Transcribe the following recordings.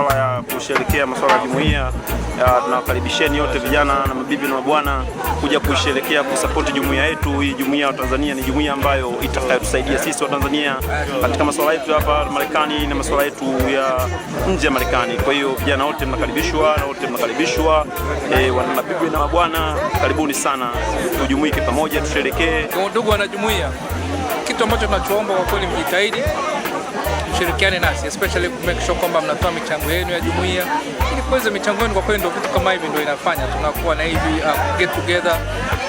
masuala ya kusherekea masuala ya jumuiya. Tunawakaribisheni yote vijana na mabibi na mabwana kuja kusherekea kusapoti jumuiya yetu hii. Jumuiya ya Tanzania ni jumuiya ambayo itakayotusaidia sisi wa Tanzania katika masuala yetu hapa Marekani na masuala yetu ya nje ya Marekani. Kwa hiyo vijana wote mnakaribishwa na wote mnakaribishwa, e, wana mabibi na mabwana, karibuni sana, tujumuike pamoja, tusherekee. Ndugu wanajumuiya, kitu ambacho tunachoomba kwa kweli mjitahidi mshirikiane nasi especially ku make sure kwamba mnatoa michango yenu ya jumuiya, ili kuweza michango yenu, kwa kweli ndio vitu kama hivi ndio inafanya tunakuwa na hivi uh, get together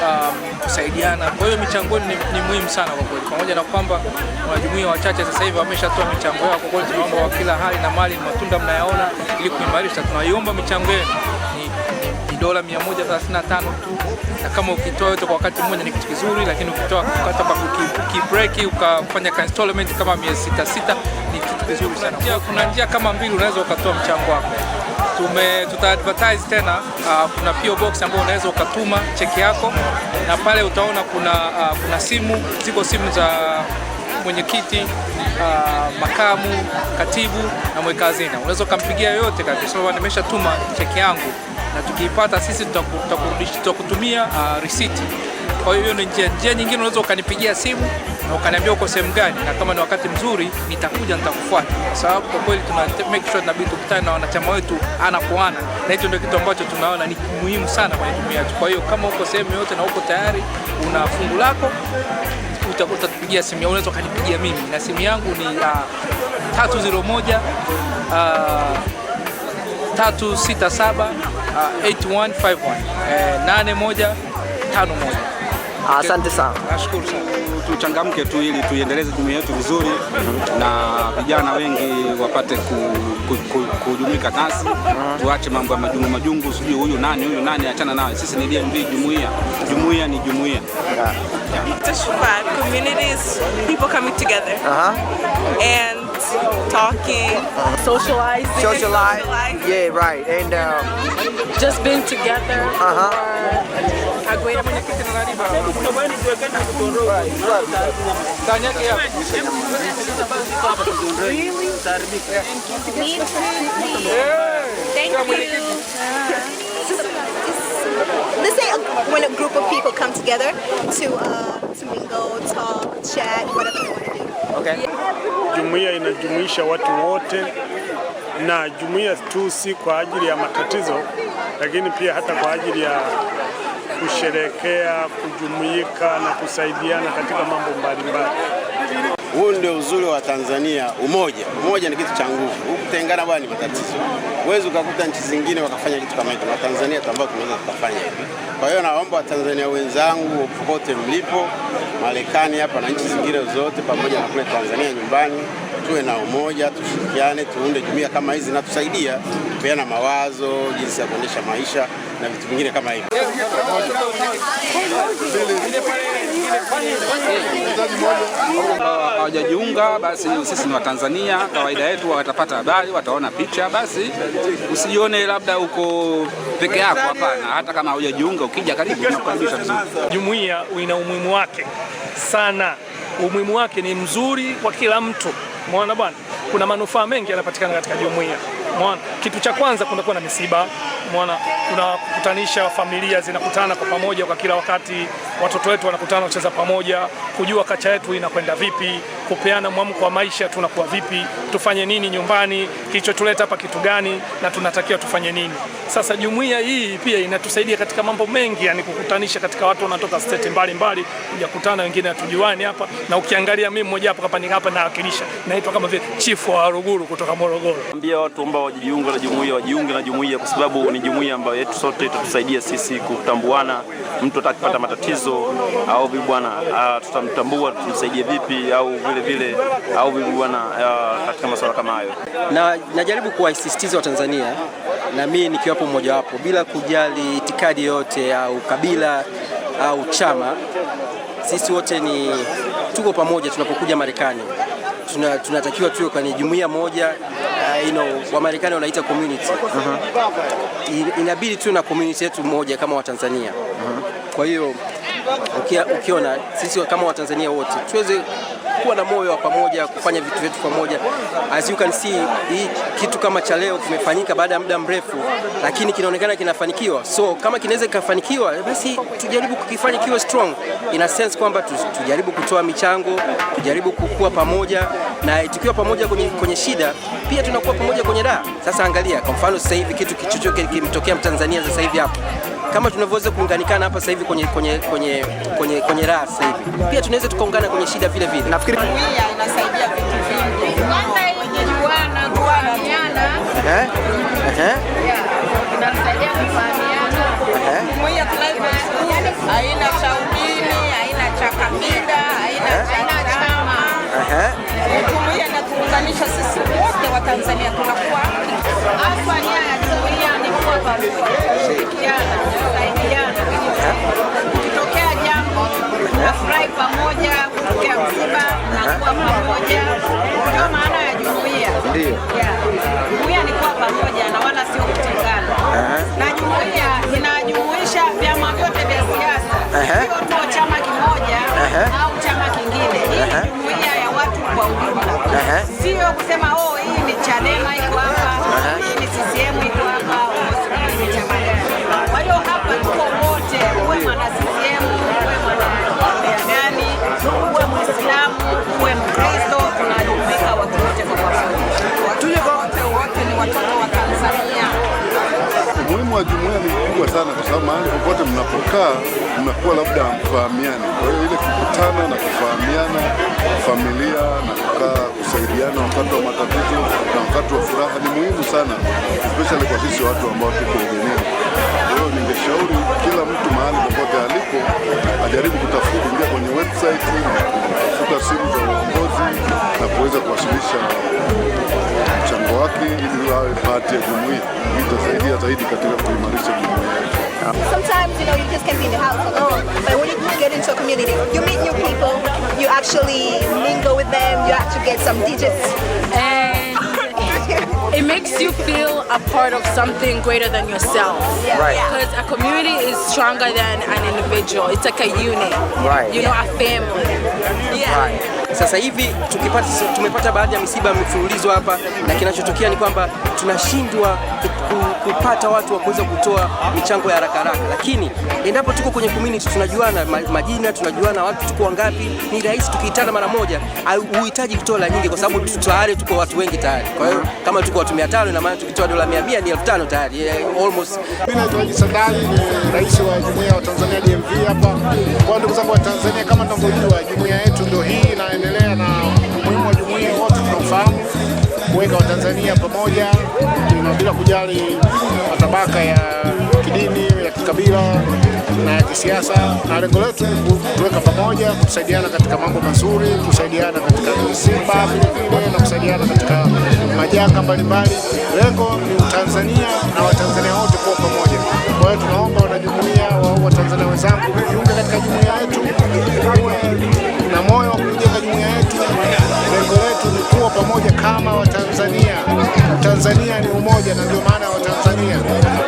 um, kusaidiana. Kwa hiyo michango ni, ni muhimu sana kwa kweli, pamoja na kwamba wanajumuiya wachache sasa hivi wameshatoa michango yao. Kwa kweli tunaomba kwa kila hali na mali, matunda mnayaona, ili kuimarisha, tunaiomba michango yenu dola 135 tu, na kama ukitoa yote kwa wakati mmoja ni kitu kizuri, lakini ukitoa hata kwa kibreaki ukafanya ka installment kama miezi sita sita ni kitu kizuri sana. Kuna njia kama mbili unaweza ukatoa mchango wako tume tuta advertise tena. Uh, kuna PO box ambayo unaweza ukatuma cheki yako, na pale utaona kuna uh, kuna simu ziko simu za mwenyekiti uh, makamu, katibu na mweka hazina. Unaweza ukampigia yoyote kabisa, nimeshatuma cheki yangu na tukiipata sisi tutakutumia uh, receipt. Kwa hiyo ni njia, njia nyingine unaweza ukanipigia simu na ukaniambia uko sehemu gani, na kama ni wakati mzuri nitakuja nitakufuata, kwa sababu kwa kweli tuna make sure tunabidi tukutane na wanachama wetu ana kwa ana, na hicho ndio kitu ambacho tunaona ni muhimu sana kwenye jamii yetu. Kwa hiyo kama uko sehemu yote na uko tayari una fungu lako, utatupigia simu, unaweza ukanipigia mimi na simu yangu ni uh, 301 uh, 367 8151 eh, Asante sana. Nashukuru sana. Tuchangamke tu ili tuiendeleze timu yetu vizuri mhm. na vijana wengi wapate kujumuika ku, ku, nasi mhm. tuache mambo ya majungu majungu, sijui huyu nani huyu nani, achana nayo. Sisi ni DMV jumuiya, jumuiya ni jumuiya. Yeah. Yeah. Community is people coming together. Uh -huh. And talking, socializing, socialize. socializing. Yeah, right. And uh, just being together. Uh huh. Agwera Really? Thank you. Let's say when a group of people come together to uh, to mingle, talk, chat, whatever want to do. Okay. Jumuiya inajumuisha watu wote na jumuiya tu si kwa ajili ya matatizo, lakini pia hata kwa ajili ya kusherekea, kujumuika na kusaidiana katika mambo mbalimbali. Huu ndio uzuri wa Tanzania, umoja. Umoja ni kitu cha nguvu, ukutengana bwana ni matatizo. Huwezi ukakuta nchi zingine wakafanya kitu kama hicho, na Tanzania ambao tunaweza tukafanya hivi. Kwa hiyo naomba Watanzania wenzangu popote mlipo, Marekani hapa na nchi zingine zote, pamoja na kule Tanzania nyumbani, tuwe na umoja, tushirikiane, tuunde jumuiya kama hizi na tusaidia kupeana mawazo, jinsi ya kuendesha maisha na vitu vingine kama hivi hawajajiunga, basi sisi ni Watanzania, kawaida yetu watapata habari, wataona picha. Basi usijione labda uko peke yako, hapana. Hata kama haujajiunga, ukija karibu, tunakukaribisha vizuri. Jumuiya ina umuhimu wake sana, umuhimu wake ni mzuri kwa kila mtu, umeona bwana. Kuna manufaa mengi yanapatikana katika jumuiya, umeona. Kitu cha kwanza, kunakuwa na misiba mwana unakutanisha familia zinakutana kwa pamoja kwa kila wakati, watoto wetu wanakutana wacheza pamoja, kujua kacha yetu inakwenda vipi, kupeana mwamko wa maisha, tunakuwa vipi, tufanye nini nyumbani, kilichotuleta hapa kitu gani, na tunatakiwa tufanye nini. Sasa jumuiya hii pia inatusaidia katika mambo mengi, yani kukutanisha katika watu wanatoka state mbalimbali kuja kutana, wengine hatujuani hapa, na ukiangalia mimi mmoja hapa hapa hapa nawakilisha, naitwa kama vile chifu wa Waruguru kutoka Morogoro. Ambia watu ambao wajiunge na jumuiya, wajiunge na jumuiya kwa sababu ni jumuiya ambayo yetu sote itatusaidia sisi kutambuana. Mtu atakipata matatizo au vipi bwana, ah, tutamtambua tumsaidie vipi, au vile vile au vipi bwana, ah, katika masuala kama hayo. Na najaribu kuwasisitiza Watanzania na mimi nikiwapo mmojawapo, bila kujali itikadi yote au kabila au chama, sisi wote ni tuko pamoja tunapokuja Marekani tuna, tunatakiwa tuwe kwenye jumuiya moja uh, you know, Wamarekani wanaita community uh-huh. Inabidi tuwe na community yetu moja kama Watanzania uh-huh. Kwa hiyo ukiona sisi kama Watanzania wote tuweze kuwa na moyo wa pamoja, kufanya vitu vyetu pamoja. As you can see, hii kitu kama cha leo kimefanyika baada ya muda mrefu, lakini kinaonekana kinafanikiwa. So kama kinaweza kikafanikiwa, basi tujaribu kukifanya kiwe strong in a sense kwamba tujaribu kutoa michango, tujaribu kukua pamoja, na tukiwa pamoja kwenye, kwenye shida pia tunakuwa pamoja kwenye raha. Sasa angalia, kwa mfano sasa hivi kitu kichochoke kimtokea Mtanzania sasa hivi hapo kama tunavyoweza kuunganikana hapa sasa hivi kwenye kwenye kwenye kwenye kwenye raha sasa hivi, pia tunaweza tukaungana kwenye shida vile vile. Nafikiri inasaidia vitu vingi, kwanza yenye juana kuaminiana, eh eh, inasaidia kuaminiana, mmoja lazima, yaani haina cha udini, haina cha kabila, haina cha chama, eh eh, jumuiya inatuunganisha sisi wote wa Tanzania, tunakuwa hapa ni jumuiya ni kwa pamoja kuamua pamoja, ndio maana ya jumuiya. Ndio jumuiya ni kuwa pamoja na wala sio kutengana, na jumuiya inajumuisha vyama vyote vya siasa, sio tu chama kimoja au chama kingine. Hii ni jumuiya ya watu kwa ujumla, sio kusema oh, hii ni Chadema iko sana, kwa sababu mahali popote mnapokaa mnakuwa labda hamfahamiani. Kwa hiyo ile kukutana na kufahamiana, familia na kukaa, kusaidiana wakati wa matatizo na wakati wa furaha ni muhimu sana, especially kwa sisi watu ambao tuko ugenini. Kwa hiyo ningeshauri kila mtu mahali popote alipo ajaribu kutafuta kuingia kwenye website na kutafuta simu za uongozi na kuweza kuwasilisha wake ili wawe ya itasaidia zaidi katika kuimarisha Sometimes you know you just can't be in the house alone, but when you get into a community, you meet new people, you actually mingle with them, you actually get some digits. And it makes you feel a part of something greater than yourself. Yeah. Right. Because a community is stronger than an individual. It's like a unit. Right. You know, a family. Yeah. Right. Sasa hivi tukipata, tumepata baadhi ya misiba mifululizo hapa, na kinachotokea ni kwamba tunashindwa kupata watu wa kuweza kutoa michango ya haraka haraka, lakini endapo tuko kwenye community, tunajuana majina, tunajuana watu tuko wangapi, ni rahisi tukiitana mara moja, huhitaji kutoa la nyingi, kwa sababu tayari tuko watu wengi tayari. Kwa hiyo kama tuko watu 500, ina maana tukitoa dola 100 ni 1500 tayari, almost. Mimi naitwa Haji Sadali, ni rais wa jumuiya wa Tanzania DMV hapa. Kwa ndugu zangu wa Tanzania, kama tunavyojua jumuiya Afrika, Watanzania pamoja, na bila kujali matabaka ya kidini, ya kikabila na ya kisiasa, na lengo letu kutuweka pamoja, kutusaidiana katika mambo mazuri, kusaidiana katika msiba vilevile, na kusaidiana katika majanga mbalimbali. Lengo ni tanzania na Watanzania wote kuwa pamoja. Kwa hiyo tunaomba wanajumuiya wa Watanzania wenzangu, jiunge katika jumuiya yetu, uwe na moyo wa kujenga jumuiya yetu pamoja kama Watanzania. Tanzania ni umoja na ndio maana Watanzania.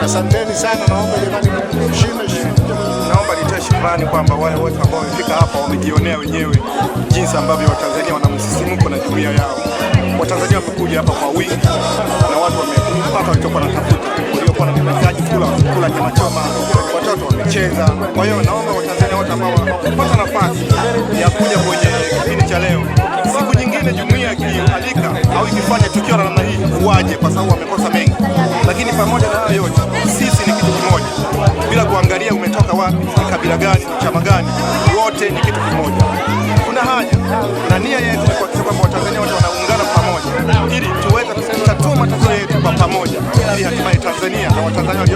Asanteni sana, naomba jamani, naomba nitoe shukrani kwamba wale wote ambao wamefika hapa wamejionea wenyewe jinsi ambavyo Watanzania wana msisimko na jumuiya yao. Watanzania wamekuja hapa kwa wingi na watu wamepata walichokuwa wanatafuta, waliokuwa na mahitaji, kula kula nyama choma, watoto wamecheza. Kwa hiyo naomba Watanzania wote ambao wamepata nafasi ya kuja kwenye kipindi cha leo Amerika au ikifanya tukio la namna hii waje kwa sababu wamekosa mengi. Lakini pamoja na hayo yote, sisi ni kitu kimoja, bila kuangalia umetoka wapi, ni kabila gani, chama gani, wote ni kitu kimoja. Kuna haja na nia yetu ni kuhakikisha kwamba Watanzania wote wanaungana pamoja, ili tuweze kutatua matatizo yetu kwa pamoja, ili hatimaye Tanzania na Watanzania